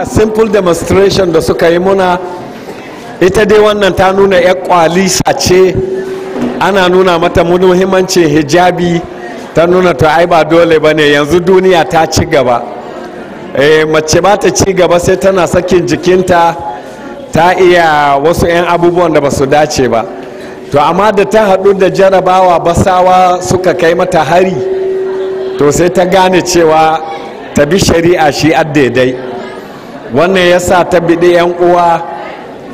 a simple demonstration da suka yi muna ita dai wannan ta nuna 'yan kwali ce ana nuna mata muhimmancin hijabi ta nuna ta ai ba dole ba ne yanzu duniya ta ci gaba e, mace ba ta ci gaba sai tana sakin jikinta ta iya wasu 'yan abubuwan da ba su dace ba to amma da ta haɗu da jarabawa basawa suka kai mata hari to sai ta gane cewa ta bi shari'a shi daidai wannan ya sa ta biɗi 'yan uwa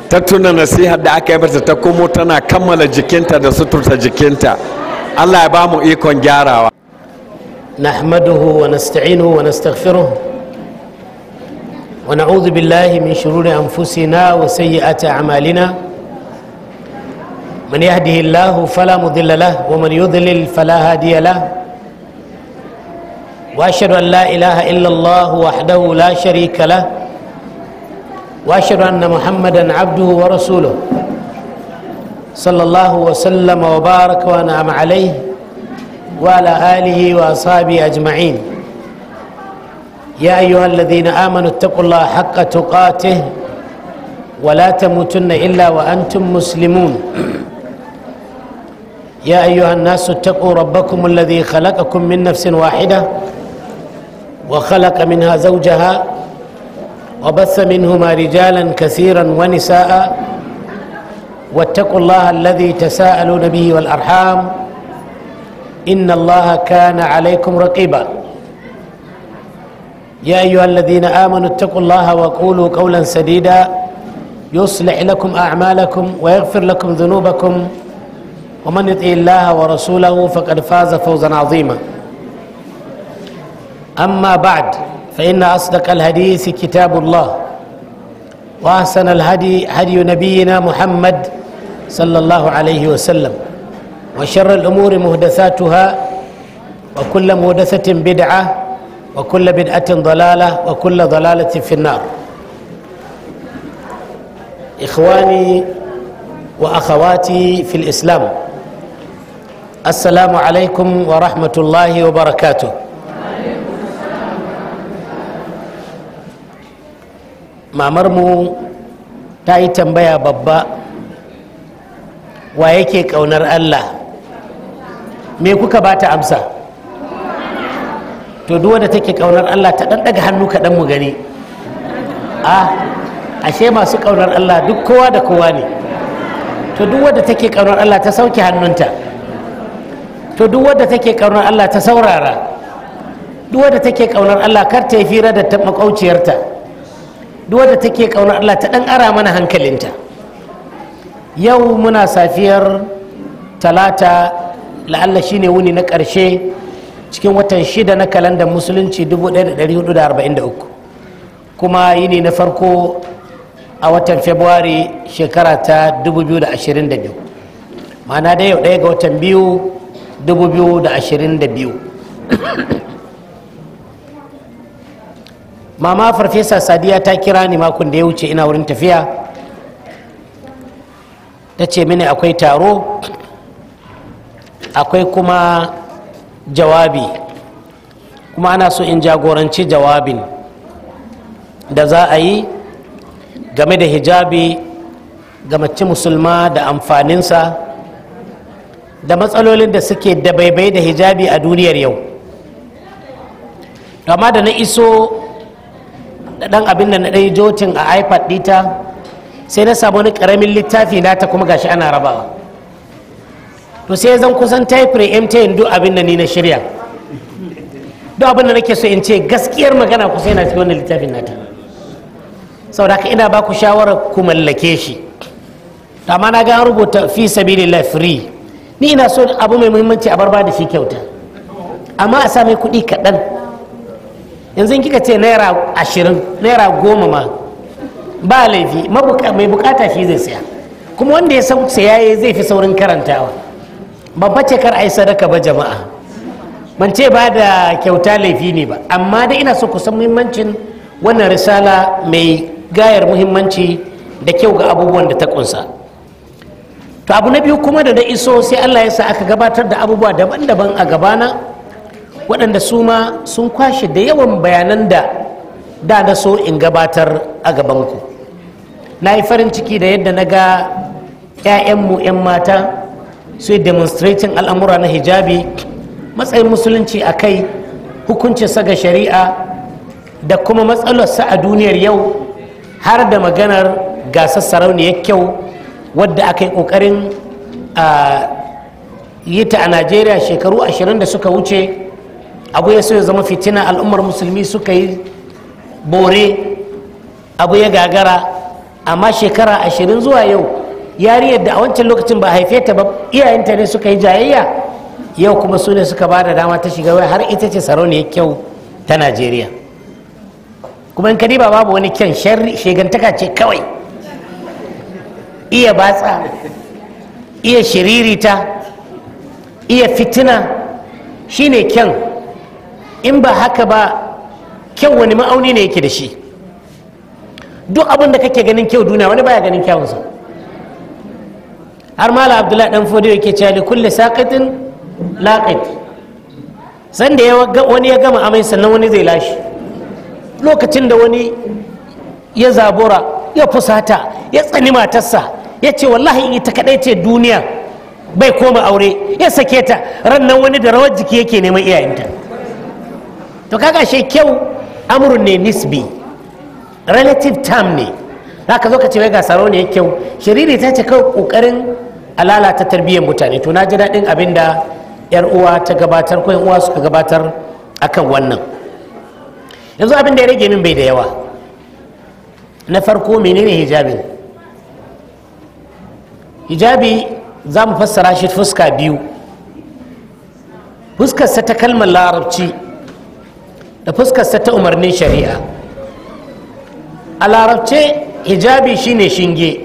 ta tuna nasihar da aka yi ta komo tana kammala jikinta da suturta jikinta allah ya ba mu ikon gyarawa nahmaduhu wa nasta'inuhu wa nastaghfiruh wa na'udhu billahi min shururi anfusina wa sayyiati a'malina man yahdihillahu fala mudilla lahu wa man yudlil fala hadiya lahu واشهد ان لا اله الا الله وحده لا شريك له واشهد ان محمدا عبده ورسوله صلى الله وسلم وبارك وانعم عليه وعلى اله واصحابه اجمعين يا ايها الذين امنوا اتقوا الله حق تقاته ولا تموتن الا وانتم مسلمون يا ايها الناس اتقوا ربكم الذي خلقكم من نفس واحده وخلق منها زوجها وبث منهما رجالا كثيرا ونساء واتقوا الله الذي تساءلون به والارحام ان الله كان عليكم رقيبا يا ايها الذين امنوا اتقوا الله وقولوا قولا سديدا يصلح لكم اعمالكم ويغفر لكم ذنوبكم ومن يطع الله ورسوله فقد فاز فوزا عظيما اما بعد فإن أصدق الحديث كتاب الله وأحسن الهدي هدي نبينا محمد صلى الله عليه وسلم وشر الأمور مهدثاتها وكل مهدثة بدعة وكل بدعة ضلالة وكل ضلالة في النار إخواني وأخواتي في الإسلام السلام عليكم ورحمة الله وبركاته mu ta yi tambaya babba wa yake ƙaunar allah me kuka ba ta amsa to duk wanda take ƙaunar allah ta dan daga hannu kaɗan mu gani a ashe masu ƙaunar allah duk kowa da kowa ne to duk wadda take ƙaunar Allah ta sauke hannunta to duk wadda take ƙaunar Allah ta saurara duk wadda take ƙaunar Allah kar ta yi fira da makauciyarta duk wadda take kauna Allah ta dan ara mana hankalinta yau muna safiyar talata la'alla shine wuni na ƙarshe cikin watan shida na kalandar musulunci 1443 kuma yini na farko a watan februari shekara ta 2022 ma'ana da yau ɗaya ga watan biyu 2022 mama farfesa sadiya ta kira ni makon da ya wuce ina wurin tafiya ta ce mini akwai taro akwai kuma jawabi kuma ana so in jagoranci jawabin da za a yi game da hijabi ga mace musulma da amfaninsa da matsalolin da suke dabaibai da hijabi a duniyar yau amma da na iso da ɗan abin da na dai jotin a ipad dita sai na samu wani karamin littafi na ta kuma gashi ana rabawa to sai zan kusan ta yi preemptive duk abin da ni na shirya duk abin da nake so in ce gaskiyar magana kusa yana cikin wannan littafin ta saboda haka ina baku shawarar ku mallake shi amma na ga rubuta fi sabilillah free ni ina so abu mai muhimmanci a barba da shi kyauta amma a sa mai kuɗi kaɗan yanzu kika ce naira ashirin naira goma ma ba laifi mai bukata shi zai saya kuma wanda ya saya ya zai fi saurin karantawa babba ce kar yi sadaka ba jama'a ban ce ba da kyauta laifi ne ba amma da ina so ku san muhimmancin wannan risala mai gayar muhimmanci da kyau ga abubuwan da ta kunsa to abu na biyu kuma da da iso sai allah ya sa aka gabatar da abubuwa daban-daban a gabana waɗanda su ma sun kwashe da yawan bayanan da da na so in gabatar a gabanku na yi farin ciki da yadda na ga 'ya'yanmu 'yan mata su yi demonstrating al'amura na hijabi matsayin musulunci a kai hukuncin saga shari'a da kuma matsalar matsalarsa a duniyar yau har da maganar gasar sarauniyar kyau wadda aka yi ƙoƙarin yi ta a najeriya shekaru ashirin da suka wuce abu ya so ya zama fitina al'ummar musulmi suka yi bore abu ya gagara amma shekara ashirin zuwa yau yariyar da a wancan lokacin ba haife ta ba iyayenta ne suka yi jayayya yau kuma su ne suka bada dama ta shiga har ita ce sarauniyar kyau ta najeriya kuma in ba babu wani kyan shegantaka ce kawai iya batsa iya shiririta iya fitina shine kyan in ba haka ba kyau wani ma'auni ne yake da shi duk abin da kake ganin kyau duniya wani baya ganin kyawunsa har mala abdullahi dan fodi yake cewa li kulli saqitin laqit sanda ya wani ya gama amai sannan wani zai lashi lokacin da wani ya zabura ya fusata ya tsani matarsa ya ce wallahi ita kadai ce duniya bai koma aure ya sake ta ran nan wani da rawar jiki yake neman iyayenta to kaga shi kyau amurin ne nisbi relative term ne za ka zo ka ce wai gasaro ne kyau shiriri ta ce kawai kokarin alala ta tarbiyyar mutane to na ji daɗin abin da yar uwa ta gabatar ko uwa suka gabatar akan wannan yanzu abin da ya rage min bai da yawa na farko menene hijabin hijabi za mu fassara shi fuska biyu fuskarsa ta kalmar larabci da fuskarsa ta umarnin shari'a a larabce hijabi shine shinge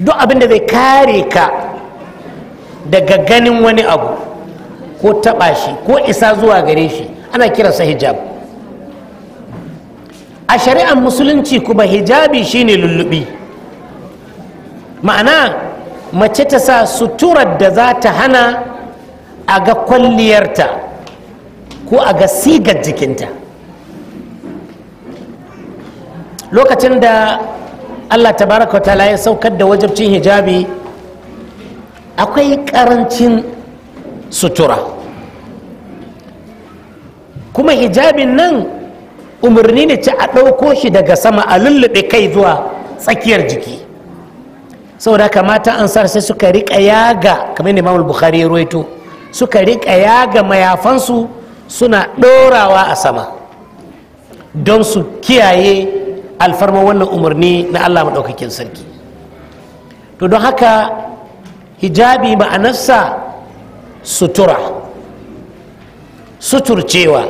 duk abin da zai kare ka daga ganin wani abu ko taɓa shi ko isa zuwa gare shi ana kiransa hijab a shari'ar musulunci kuma hijabi shine lullubi ma'ana mace ta sa suturar da za ta hana a ga kwalliyarta ko a ga sigar jikinta lokacin da allah tabaraka wata ya saukar da wajabcin hijabi akwai karancin sutura kuma hijabin nan umarni ne ci a ɗauko shi daga sama a lullube kai zuwa tsakiyar jiki saboda haka mata ansar sai suka riƙa yaga kamar ne imam bukhari ya ruwaito suka riƙa yaga mayafansu suna ɗorawa a sama don su kiyaye alfarma wannan umarni na allah maɗaukakin sarki to don haka hijabi ma'anarsa sutura suturcewa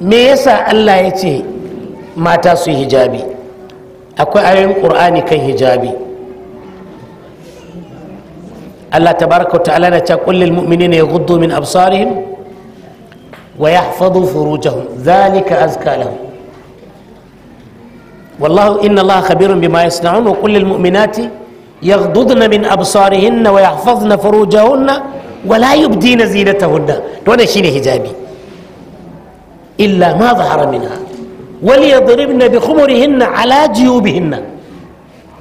me yasa allah ya ce mata su hijabi akwai ayoyin ƙur'ani kan hijabi الله تبارك وتعالى تقول للمؤمنين يغضوا من أبصارهم ويحفظوا فروجهم ذلك أزكى لهم والله إن الله خبير بما يصنعون وقل للمؤمنات يغضضن من أبصارهن ويحفظن فروجهن ولا يبدين زينتهن وانا شيني حجابي إلا ما ظهر منها وليضربن بخمرهن على جيوبهن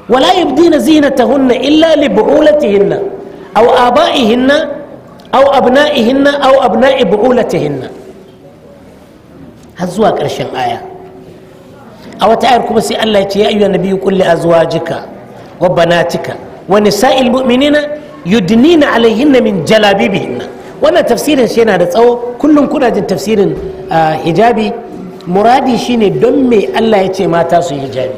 ولا يبدين زينتهن إلا لبعولتهن أو آبائهن أو أبنائهن أو أبناء بعولتهن هزوا كرشن آية أو تعرفكم سي الله يا أيها النبي قل لأزواجك وبناتك ونساء المؤمنين يدنين عليهن من جلابيبهن wannan tafsirin shi yana da tsawo kullum kuna jin tafsirin hijabi muradi shine don me Allah ya ce mata su hijabi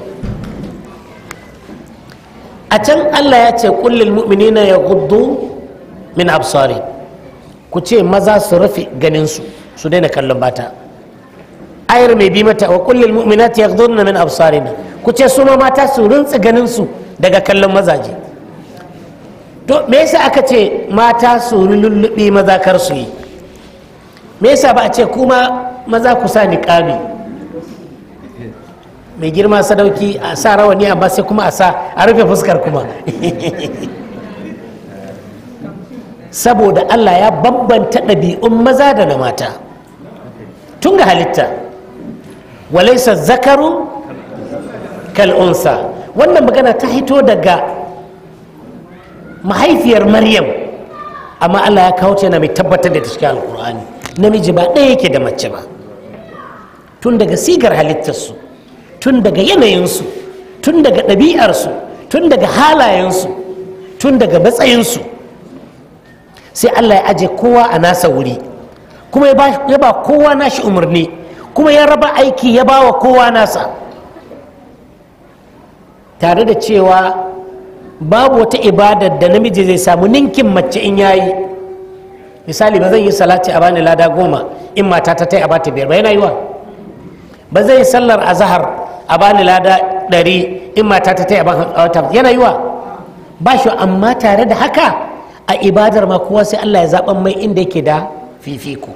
a can Allah ya ce kullil mu'minina ya guddu min absari ku ce maza su rufe ganin su su daina kallon bata ayar mai bi mata wa ya mu'minati na min absarina ku ce su ma mata su rintsa ganin su daga kallon mazaje to me yasa aka ce mata su lullubi maza kar su yi me yasa ba a ce kuma maza ku sa niqabi mai girma sadauki a sa rawani amma sai kuma a sa a rufe fuskar kuma saboda allah ya bambanta ɗabi'un maza da na mata tun ga halitta walaisa zakaru kal'unsa wannan magana ta hito daga mahaifiyar maryam amma allah ya kawo ta yana mai tabbatar da ta cikin alkur'ani namiji ba ɗaya yake da mace ba tun daga sigar halittarsu tun daga yanayinsu tun daga ɗabi'arsu tun daga halayensu tun daga matsayinsu sai allah ya aje kowa a nasa wuri kuma ya ba kowa nashi umarni kuma ya raba aiki ya ba wa kowa nasa tare da cewa babu wata ibadar da namiji zai samu ninkin mace in yayi misali ba zan yi salati a bani lada goma in mata ta tai a bata biyar ba yana yi wa ba zai sallar azahar a bani lada ɗari in mata ta taya ban wata yana yiwa ba shi amma tare da haka a ibadar ma kowa sai Allah ya zaɓan mai inda yake da fifiko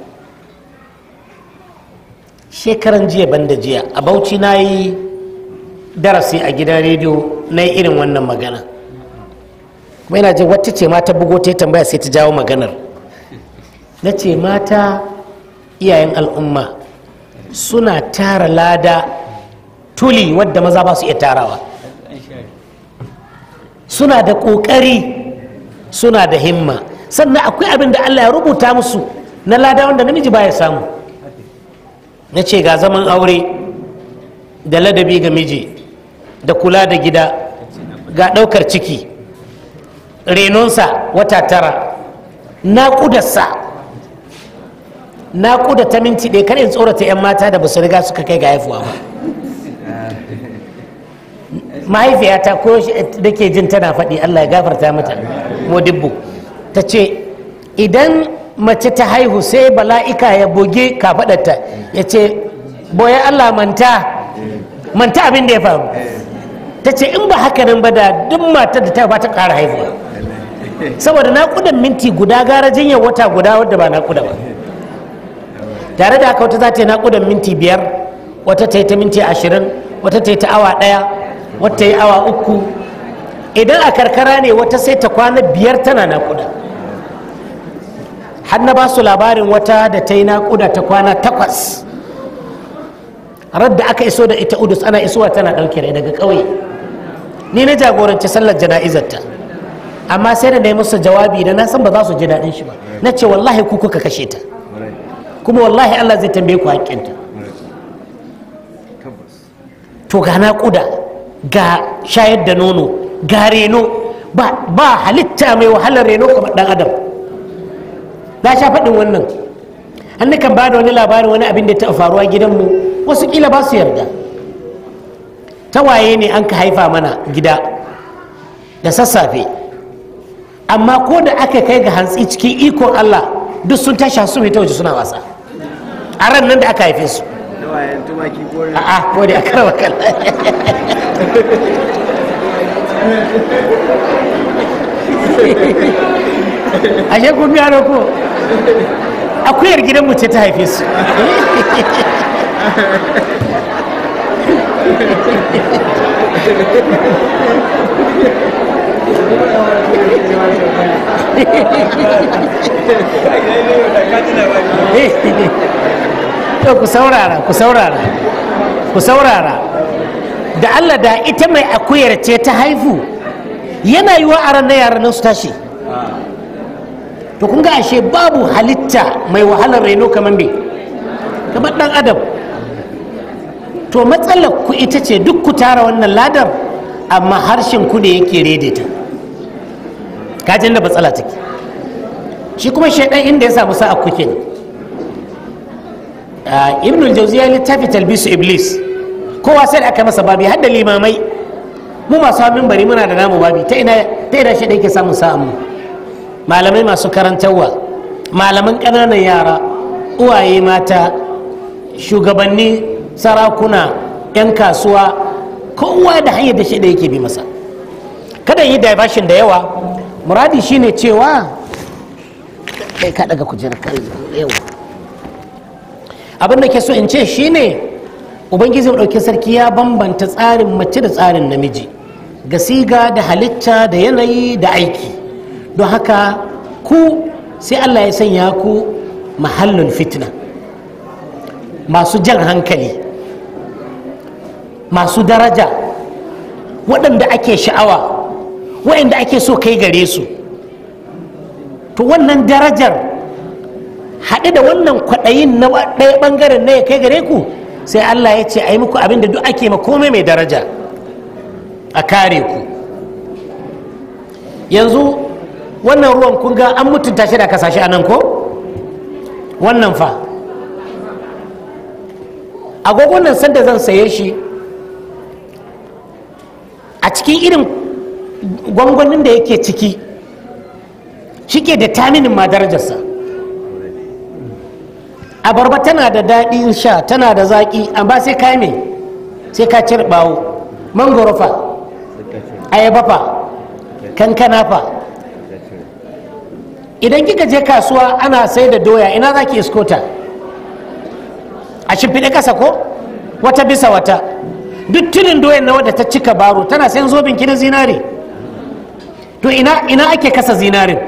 shekaran jiya banda jiya a bauchi na yi darasi a gidan rediyo na yi irin wannan magana kuma yana jin wata ce mata bugo ta tambaya sai ta jawo maganar na ce mata iyayen al'umma suna tara lada tuli wadda maza ba su iya tarawa suna da ƙoƙari suna da himma sannan akwai abin da allah ya rubuta musu na lada wanda namiji baya samu na ce ga zaman aure da ladabi ga miji da kula da gida ga ɗaukar ciki renonsa wata tara naƙudarsa naƙuda ta minti ɗaya kan in tsorata 'yan mata da basu riga suka kai ga haifuwa ba mahaifiyata ko da ke jin tana faɗi allah ya gafarta mata modibbo ta ce idan mace ta haihu sai bala'ika ya boge kafaɗarta ya ce boye allah manta manta abin da ya faru ta ce in ba haka nan ba da duk matar da ta ba ta ƙara haihuwa saboda naƙudan minti guda gara jinya wata guda wadda ba naƙuda ba tare da haka wata za ta yi naƙudan minti biyar wata ta yi ta minti ashirin wata ta yi ta awa ɗaya wata yi awa uku idan a karkara ne wata sai ta kwana biyar tana naƙuda har na ba su labarin wata da ta yi naƙuda ta kwana takwas radda aka iso da ita udus ana isuwa tana ɗauke daga ƙauye ni na jagoranci sallar jana'izarta amma sai da na yi musu jawabi da na san ba za su ji daɗin shi ba na ce wallahi ku kuka kashe ta kuma wallahi allah zai tambaye ku haƙƙinta to ga naƙuda ga shayar da nono ga reno ba halitta mai wahalar reno kamar dan adam na sha faɗin wannan an kan ba da wani labarin wani abin da ta faruwa gidanmu wasu kila ba su yarda waye ne an ka haifa mana gida da sassafe amma ko da aka kai ga hantsi cikin ikon allah duk sun tasha su fita waje suna wasa a ran nan da aka haife su a'a ko da aka kala. ashe kun gano ko akuyar mu ce ta haife su eh, eh, eh. ku saurara ku saurara ku saurara da Allah da ita mai akuyar ce ta haifu yana yi wa aran na yaran su tashi to kun ga ashe babu halitta mai wahalar raino kamar me kamar dan adam to matsalar ku ita ce duk ku tara wannan ladar amma harshen ku ne yake redeta kajin da matsala take shi kuma shaidan inda ya samu sa'a kuke ne ah, ibnul jauziya littafi talbisu iblis kowa sai da aka masa babi har da limamai mu masu hannun bari muna da namu babi ta ina ta ina shi da yake samun sa'amu malamai masu karantarwa malaman ƙananan yara uwaye mata shugabanni sarakuna 'yan kasuwa kowa da hanyar da shi da yake bi masa kada yi diversion da yawa muradi shine cewa kai ka daga kujerar yawa abin da ke so in ce shine ubangiji ɗauki sarki ya bambanta tsarin mace da tsarin namiji ga siga da halitta da yanayi da aiki don haka ku sai allah ya sanya ku mahallin fitna masu jan hankali masu daraja waɗanda ake sha'awa waɗanda ake so kai gare su to wannan darajar haɗe da wannan kwaɗayin na ɗaya ɓangaren na ya kai gare ku sai Allah ya ce a yi muku abinda duk ake ma komai mai daraja a kare ku yanzu wannan ruwan kun ga an mutunta shi da kasashe a nan ko wannan fa agogon nan sanda zan saye shi a cikin irin gwangwanin da yake ciki shi ke da taminin ma darajarsa abarba tana da daɗin sha tana da zaƙi amma sai ka me sai ka ɓawo, mangoro fa ayaba fa kankana fa idan kika je kasuwa ana sai da doya ina za ki iskota a shimfiɗe kasa ko wata bisa wata duk tunin doyan na wadda ta cika baro tana sayan zobin ki na zinare to ina ina ake kasa zinarin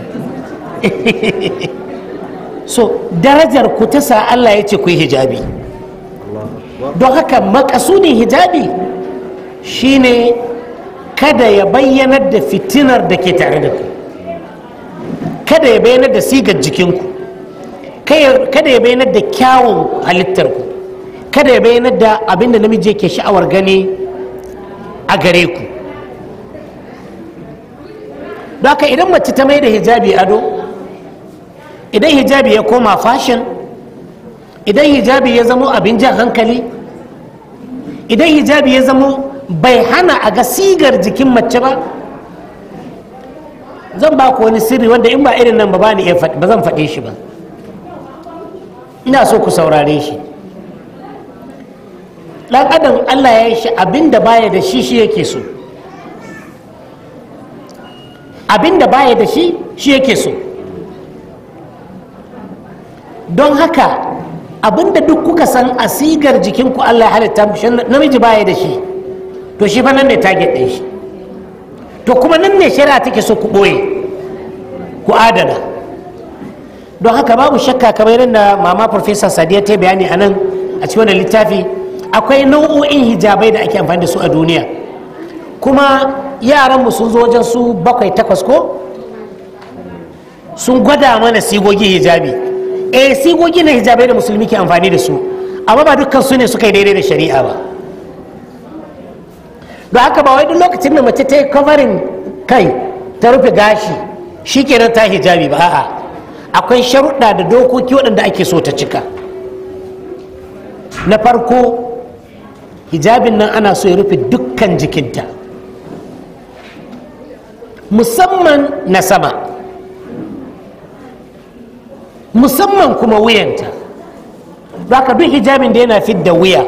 so darajar ku ta sa Allah ya ce ku yi hijabi don haka makasudin hijabi shine kada ya bayyanar da fitinar da ke tare da ku kada ya bayyanar da sigar jikinku kada ya bayyanar da kyawun halittar ku kada ya bayyanar da abinda namiji yake sha'awar gani a gare ku don haka idan mace ta mai da hijabi ado idan hijabi ya koma fashin idan hijabi ya zamo abin jan hankali idan hijabi ya zamo bai hana a ga sigar jikin mace ba zan ba ku wani sirri wanda in ba irin nan ba ba ni ba zan faɗe shi ba ina so ku saurare shi ɗan adam allah ya yi shi abin da baya da shi shi yake so abin da baya da shi shi yake so don haka abinda duk kuka san asigar jikinku Allah ya halitta muku namiji baya da shi to shi fa nan ne target din shi to kuma nan ne shari'a take so ku boye ku adana don haka babu shakka kamar yadda mama professor sadiya ta bayani a nan a cikin wannan littafi akwai nau'o'in hijabai da ake amfani da su a duniya kuma yaranmu sun zo wajen su bakwai takwas ko sun gwada mana sigogin hijabi eh sigogi na hijabai da musulmi ke amfani da su amma ba dukkan su ne suka yi daidai da shari'a ba don haka ba wai duk lokacin da mace ta yi kamarin kai ta rufe gashi shi kenan ta hijabi ba a'a akwai sharuɗa da dokoki waɗanda ake so ta cika na farko hijabin nan ana so ya rufe dukkan jikinta musamman na sama musamman kuma wuyanta ka duk hijabin da yana fidda wuya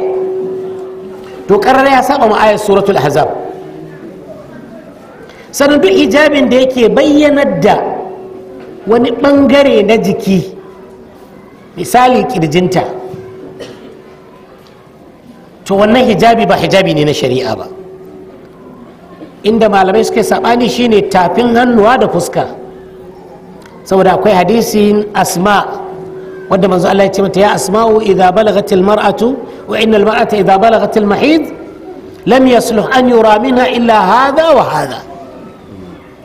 to karara ya saba ma ayat suratul ahzab sannan duk hijabin da yake bayyanar da wani bangare na jiki misali kirjinta to wannan hijabi ba hijabi ne na shari'a ba inda malamai suke saɓani shine tafin hannuwa da fuska saboda akwai hadisin asma wadda manzo Allah ya ce mata ya asma'u idza balagatil mar'atu wa innal mar'ata idza balagatil mahid lam yasluh an yura minha illa hadha wa hadha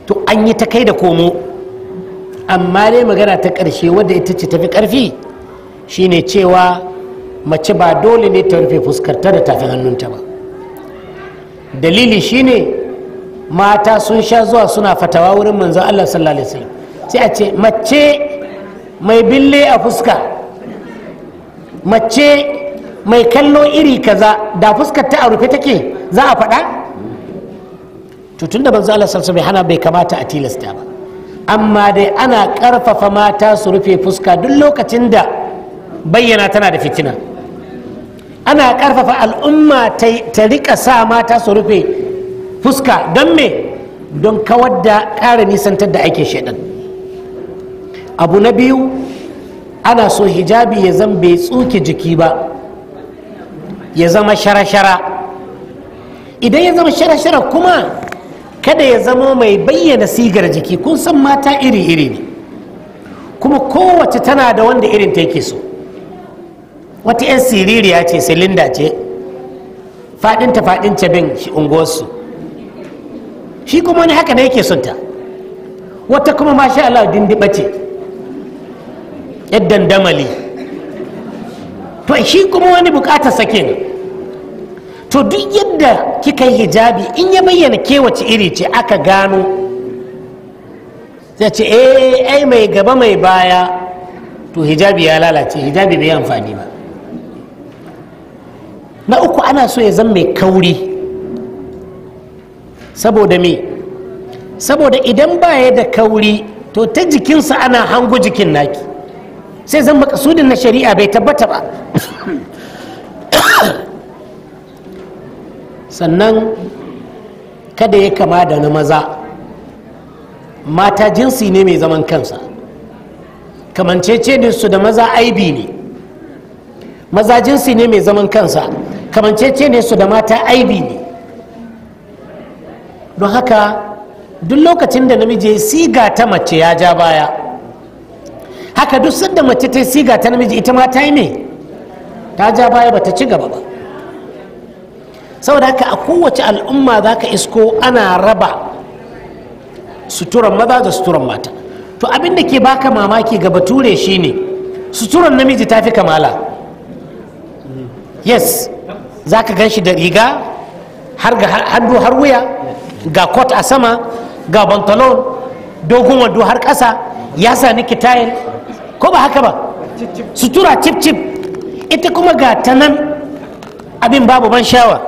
to an yi ta kai da komo amma dai magana ta ƙarshe wadda ita ce tafi ƙarfi shine cewa mace ba dole ne ta rufe fuskarta da tafin hannunta ba dalili shine mata sun sha zuwa suna fatawa wurin manzon Allah sallallahu alaihi wasallam sai a ce mace mai bille a fuska mace mai kallo iri kaza da fuskar ta a rufe take za a faɗa tun da banzu Allah mai hana bai kamata a tilasta ba amma dai ana ƙarfafa mata su rufe fuska duk lokacin da bayyana tana da fitina ana ƙarfafa al'umma ta rika sa mata su rufe fuska don me don kawar da ƙara nisantar da ake shaidan abu na biyu ana so hijabi ya zama bai tsuke jiki ba ya zama shara-shara idan ya zama shara-shara kuma kada ya zama mai bayyana sigar jiki kun san mata iri-iri ne kuma kowace tana da wanda irin ta yake so wata 'yan siririya ce silinda ce faɗinta faɗin cabin shi unguwarsu shi kuma wani haka ne yake sunta wata kuma masha Allah dindiba ce yadda damali to shi kuma wani bukatar sakin to duk yadda kika yi hijabi in ya bayyana kewace iri ce aka gano zai ce eh, ai mai gaba mai baya to hijabi ya lalace hijabi bai amfani ba na uku ana so ya zama mai kauri saboda me saboda idan baya da kauri to ta jikinsa ana hango jikin naki sai zan makasudin na shari'a bai tabbata ba sannan kada ya kama da na maza mata jinsi ne mai zaman kansa kamancece su da maza aibi ne maza jinsi ne mai zaman kansa kamancece ne su da mata aibi ne don haka duk lokacin da namiji siga ta mace ya ja baya haka duk sanda mace ta siga ta namiji ita ma ta yi ne ta ja baya ba ta ci gaba ba saboda haka a kowace al'umma za ka isko ana raba suturan maza da suturan mata to abin da ke baka mamaki ga bature shine suturan namiji ta fi kamala yes za ka gan shi da riga har ga hannu har wuya ga kot a sama ga bantalon dogon wando har ƙasa ya sa niki tayil ko ba haka ba sutura cip cip ita kuma ga ta nan abin babu ban shawa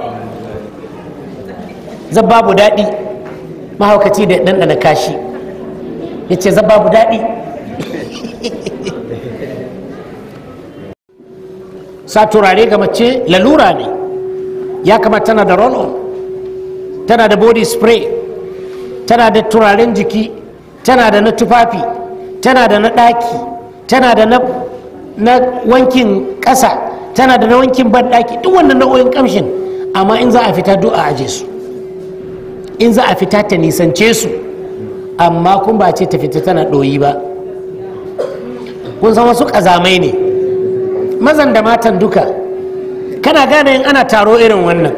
zan babu daɗi mahaukaci da ɗanɗana kashi ya ce zan babu daɗi sa turare ga mace lalura ne ya kamata tana da rolo tana da body spray tana da turaren jiki tana da na tufafi tana da na ɗaki tana da na wankin ƙasa tana da na wankin banɗaki duk wannan nau'o'in kamshin amma in za a fita duk a aje su in za a fita ta nisance su amma kun ba ce ta fita tana ɗoyi ba kun san wasu ƙazamai ne mazan da matan duka kana gane in ana taro irin wannan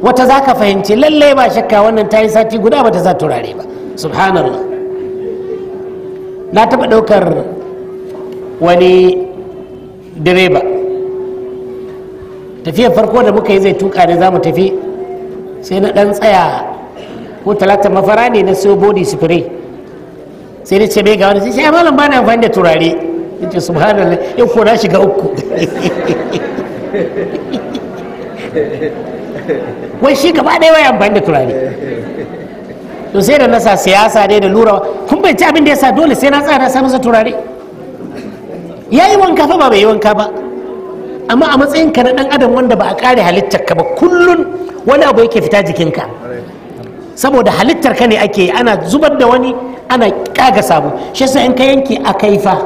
wata za ka fahimci lallai ba shakka wannan ta yi sati guda ba ta za turare ba subhanallah na taɓa ɗaukar wani direba tafiyar farko da muka yi zai tuka ne za mu tafi sai na ɗan tsaya ko talata mafara ne na siyo body spray sai na ce mai ga wani sai shi malam ba na amfani da turare in ce subhanallah yau ko na shiga uku wai shi gaba ɗaya wai amfani da turare to sai da nasa siyasa dai da lura kun bai ci abin da ya sa dole sai na tsara na sa masa turare ya yi wanka fa ba bai yi wanka ba amma a matsayin ka na dan adam wanda ba a kare halittar ka ba kullun wani abu yake fita jikinka saboda halittar ka ne ake ana zubar da wani ana kaga sabo shi yasa in ka yanke a kaifa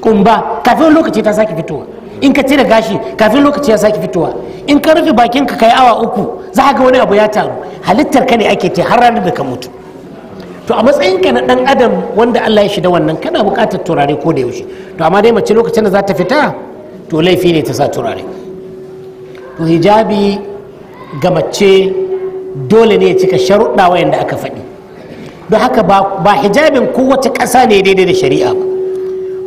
kumba kafin lokaci ta sake fitowa in ka cire gashi kafin lokaci ya sake fitowa in ka rufe bakin ka kai awa uku za ka ga wani abu ya taru halittar ka ne ake ce har ranar da ka mutu to a matsayinka na dan adam wanda Allah ya shi da wannan kana bukatar turare ko da yaushe to amma dai mace lokacin da za ta fita to laifi ne ta sa turare to hijabi ga mace dole ne ya cika sharuɗa wayanda aka faɗi don haka ba hijabin kowace ƙasa ne daidai da shari'a ba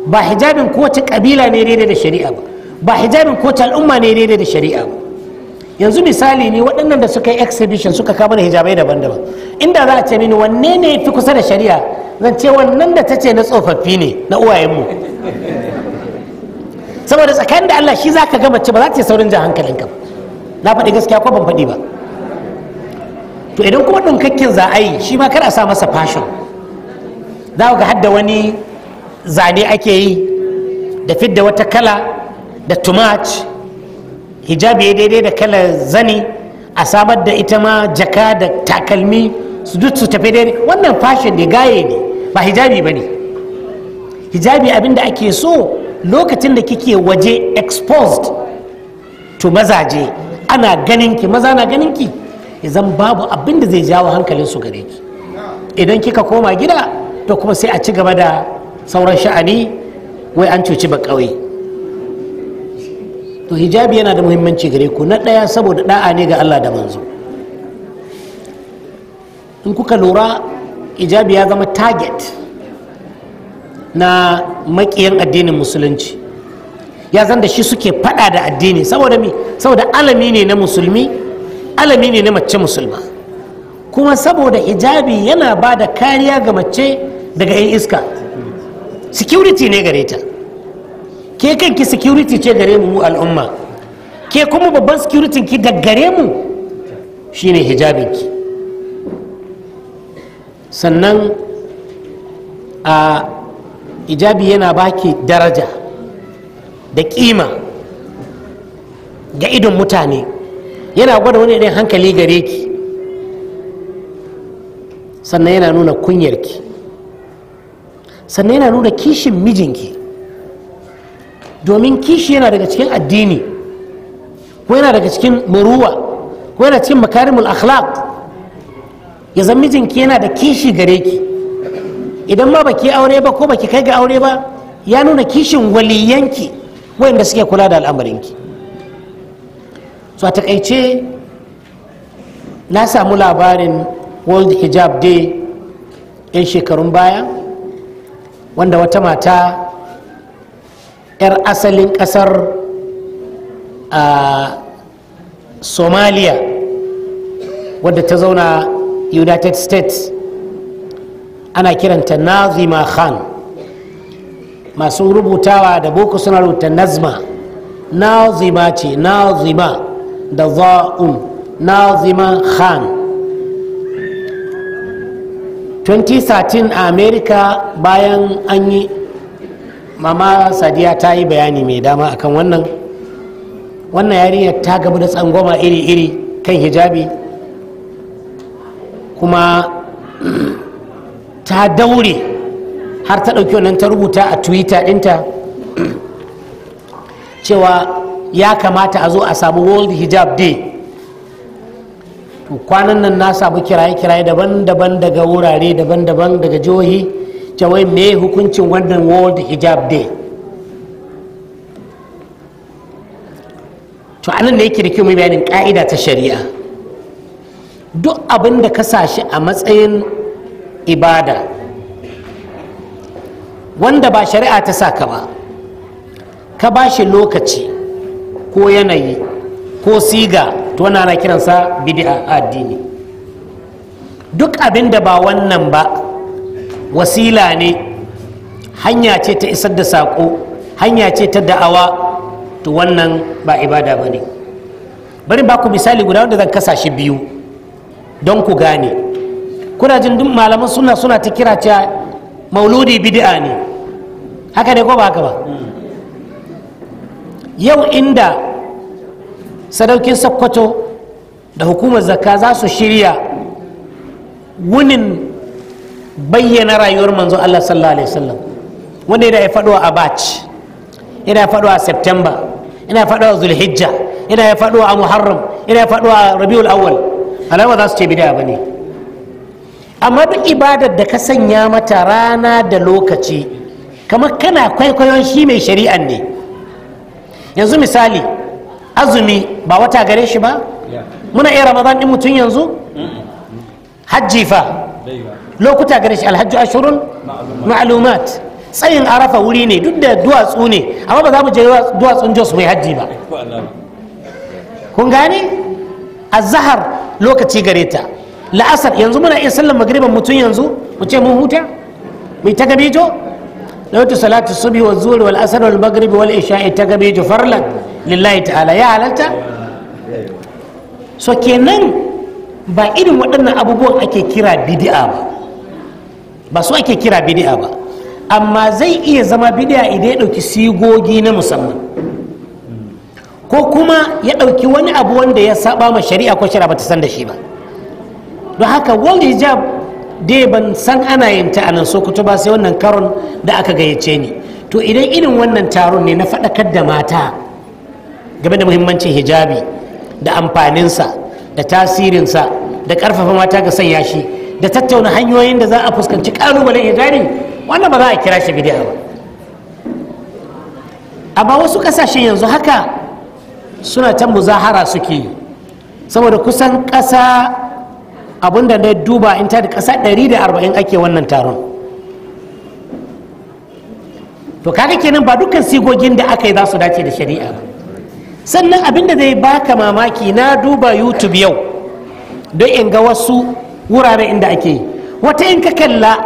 ba hijabin kowace ƙabila ne daidai da shari'a ba ba hijabin kowace al'umma ne daidai da shari'a ba yanzu misali ne waɗannan da suka yi exhibition suka kama da hijabai daban-daban inda za a ce mini wanne ne fi kusa da shari'a zan ce wannan da ta ce na tsofaffi ne na uwayenmu saboda tsakanin da Allah shi za ka ga mace ba za ta yi saurin jan hankalinka ba na faɗi gaskiya ko ban faɗi ba to idan kuma kakkin za a yi shi ma kar a sa masa fashion za ga hadda wani zane ake yi da fidda wata kala da tumach hijabi ya daidai da kalar zani a samar da ita ma jaka da takalmi su duk su tafi daidai wannan fashion ne gaye ne ba hijabi ba ne hijabi abin da ake so lokacin da kike waje exposed to mazaje ana ganin ki maza na ganin ki zan babu abin da zai jawo hankalin su gare ki idan kika koma gida to kuma sai a ci gaba da sauran sha'ani wai an cuci ba ƙauye to hijabi yana da muhimmanci gare ku na ɗaya saboda ɗa'a ne ga allah da manzo in kuka lura hijabi ya zama target na makiyan addinin musulunci ya zan da shi suke faɗa da addini saboda mi saboda alami ne na musulmi alami ne na mace musulma kuma saboda hijabi yana ba da kariya ga mace daga 'yan iska security ne gare ta ke kanki security ce gare mu al'umma ke kuma babban security ki da gare mu shine hijabinki sannan a hijabi yana baki daraja da kima ga idon mutane yana gwada wani irin hankali gare ki sannan yana nuna kunyarki sannan yana nuna kishin mijinki domin kishi yana daga cikin addini ko yana daga cikin muruwa ko yana cikin makarimul akhlaq ya zan mijinki yana da kishi gare ki idan ma baki aure ba ko baki kai ga aure ba ya nuna kishin waliyanki wayanda suke kula da al'amarinki so a takaice na samu labarin world hijab day 'yan shekarun baya wanda wata mata 'yar asalin ƙasar a somaliya wadda ta zauna united states ana kiranta nazima khan masu rubutawa da boko suna rubuta nazma nazima ce nazima da za'un nazima khan 2013 a america bayan an yi mama sadiya ta yi bayani mai dama akan wannan wannan yarinyar ta gabu da tsangoma iri-iri kan hijabi kuma ta daure har ta ɗauki wannan ta rubuta a twitter ɗinta cewa ya kamata a zo a samu world hijab day kwanan nan na samu kiraye-kiraye daban-daban daga wurare daban-daban daga jihohi cewai me hukuncin wannan world hijab day to anan ne yake da mai bayanin ka'ida ta shari'a duk abin da ka shi a matsayin ibada wanda ba shari'a ta sa ka ba ka ba shi lokaci ko yanayi ko siga to wannan ana kiransa bid'a addini duk abin da ba wannan ba wasila ne hanya ce ta isar da saƙo hanya ce ta da'awa to wannan ba ibada ba ne bari ba ku misali guda wanda zan kasa shi biyu don ku gane kuna jin duk malaman suna suna ta kira cewa mauludi bid'a ne haka ne ko ba haka ba yau inda sadaukin sakkwato da hukumar zakka za su shirya wunin bayyana rayuwar manzo Allah sallallahu alaihi wasallam wanda yana faɗuwa a batch yana faɗuwa a september yana faɗuwa a zulhijja yana faɗuwa a muharram yana faɗuwa a rabiul awwal alama za su ce bid'a bane amma duk ibadar da ka sanya mata rana da lokaci kamar kana kwaikwayon shi mai shari'an ne yanzu misali azumi ba wata gare shi ba muna iya ramadan din mutum yanzu hajji fa lokuta gare shi alhajju ashirin ma'lumat tsayin arafa wuri ne duk da duwatsu ne amma ba za mu je duwatsun jos mai hajji ba kun gane azahar lokaci gare ta la'asar yanzu muna iya sallan magriban mutum yanzu mu ce mun huta mai ta gabejo lautu salatu subhi wa zuhri wal asr wal maghrib wal isha'i ta gabejo farlan lillahi ta'ala ya halalta so kenan ba irin waɗannan abubuwan ake kira bid'a ba ba su ake kira bidi'a ba amma zai iya zama bidi'a idan ya ɗauki sigogi na musamman ko kuma ya ɗauki wani abu wanda ya saba ma shari'a ko shari'a bata san da shi ba don haka wal hijab dai ban san ana yin ta a nan sokoto ba sai wannan karon da aka gayyace ni to idan irin wannan taron ne na faɗakar da mata game da muhimmancin hijabi da amfaninsa da tasirinsa da ƙarfafa mata ga sanya shi da tattauna hanyoyin da za a fuskanci kalubalen idrari wannan ba za a kira shi bidiya ba amma wasu ƙasashen yanzu haka suna ta muzahara suke yi saboda kusan ƙasa abinda na duba in ta da ƙasa 140 ake wannan taron to kaga kenan ba dukkan sigogin da aka yi za su dace da shari'a ba sannan abinda zai baka mamaki na duba youtube yau don in ga wasu wurare inda ake wata in ka kalla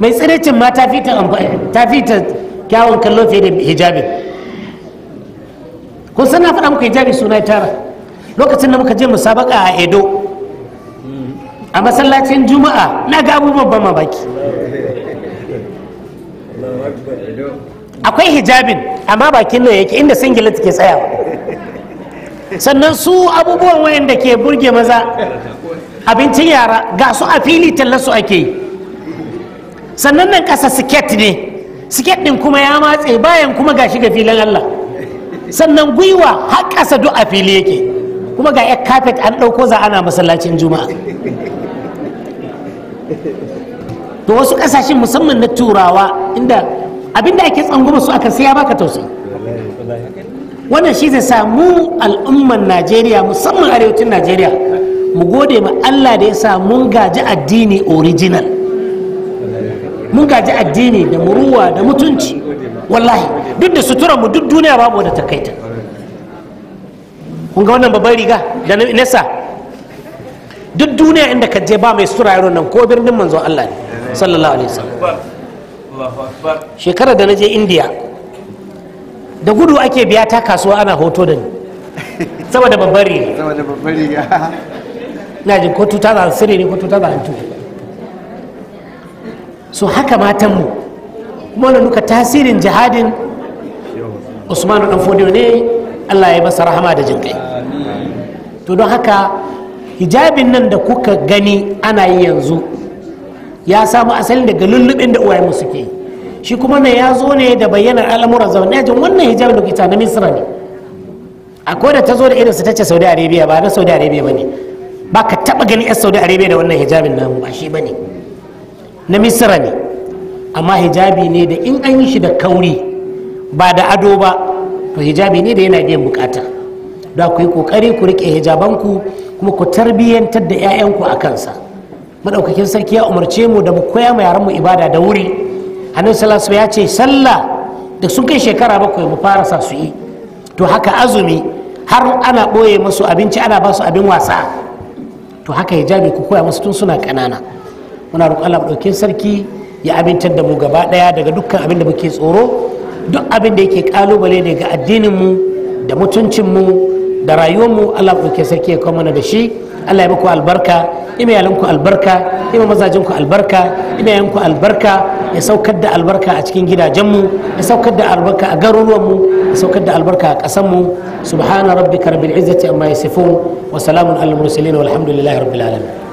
mai tsiraicin ma ta fi ta kyawun kallo fiye da hijabin kun sana faɗa muka hijabi suna tara lokacin da muka je musabaka a edo a masallacin juma'a na ga abubuwan ban baki akwai hijabin amma bakin nan yake inda singila ke tsaya sannan su abubuwan wayanda ke burge maza abincin yara ga su a fili talla su ake yi sannan nan ƙasa siket ne siket ɗin kuma ya matse bayan kuma ga shiga filin Allah sannan gwiwa har ƙasa duk a fili yake kuma ga ya kafet an ɗauko za ana masallacin juma'a to wasu ƙasashen musamman na turawa inda abinda ake tsangwama su aka sai baka tausayi wannan shi zai samu al'umman najeriya musamman arewacin najeriya mu gode ma Allah da ya sa mun gaji addini original mun gaji addini da muruwa da mutunci wallahi duk da sutura mu duk duniya babu wadda takaita kun ga wannan babban riga da nesa duk duniya inda ka je ba mai sutura irin nan ko birnin manzon Allah ne sallallahu alaihi wasallam shekarar da na je indiya da gudu ake biya ta kasuwa ana hoto da ni saboda babban riga na jin ko 2003 ne ko 2002 so haka matanmu kuma wanda nuka tasirin jihadin usmanu dan fodiyo ne allah ya masa rahama da jin kai to don haka hijabin nan da kuka gani ana yi yanzu ya samu asali daga lullubin da uwayenmu suke yi shi kuma na ya zo ne da bayyanar al'amuran zaune ajin wannan hijab da ta na misra ne akwai da ta zo da irinsa ta ce saudi arabia ba na saudi arabia ba ne ba ka taɓa ganin 'yan saudi arabia da wannan hijabin namu ba shi ba ne na misira ne amma hijabi ne da in an yi shi da kauri ba da ado ba to hijabi ne da yana biyan bukata da ku yi kokari ku rike hijabanku kuma ku tarbiyyantar da 'ya'yanku a kansa madaukakin sarki ya umarce mu da mu koya ma yaranmu ibada da wuri annabi sallallahu ya ce sallah da sun kai shekara bakwai mu fara sa su yi to haka azumi har ana ɓoye musu abinci ana ba su abin wasa to haka hijabi ku koya masu tun suna ƙanana muna roƙon Allah ɗauke sarki ya amintar da mu gaba ɗaya daga dukkan abin da muke tsoro duk abin da yake ƙalubale ne ga addinin mu da mutuncin mu da rayuwar mu Allah ɗauke sarki ya kawo mana da shi Allah ya muku albarka ima ku albarka ima ku albarka ima albarka ya saukar da albarka a cikin gidajenmu ya saukar da albarka a garuruwanmu ya saukar da albarka a ƙasanmu subhana rabbika rabbil izzati amma yasifun wa salamun alal mursalin walhamdulillahi rabbil alamin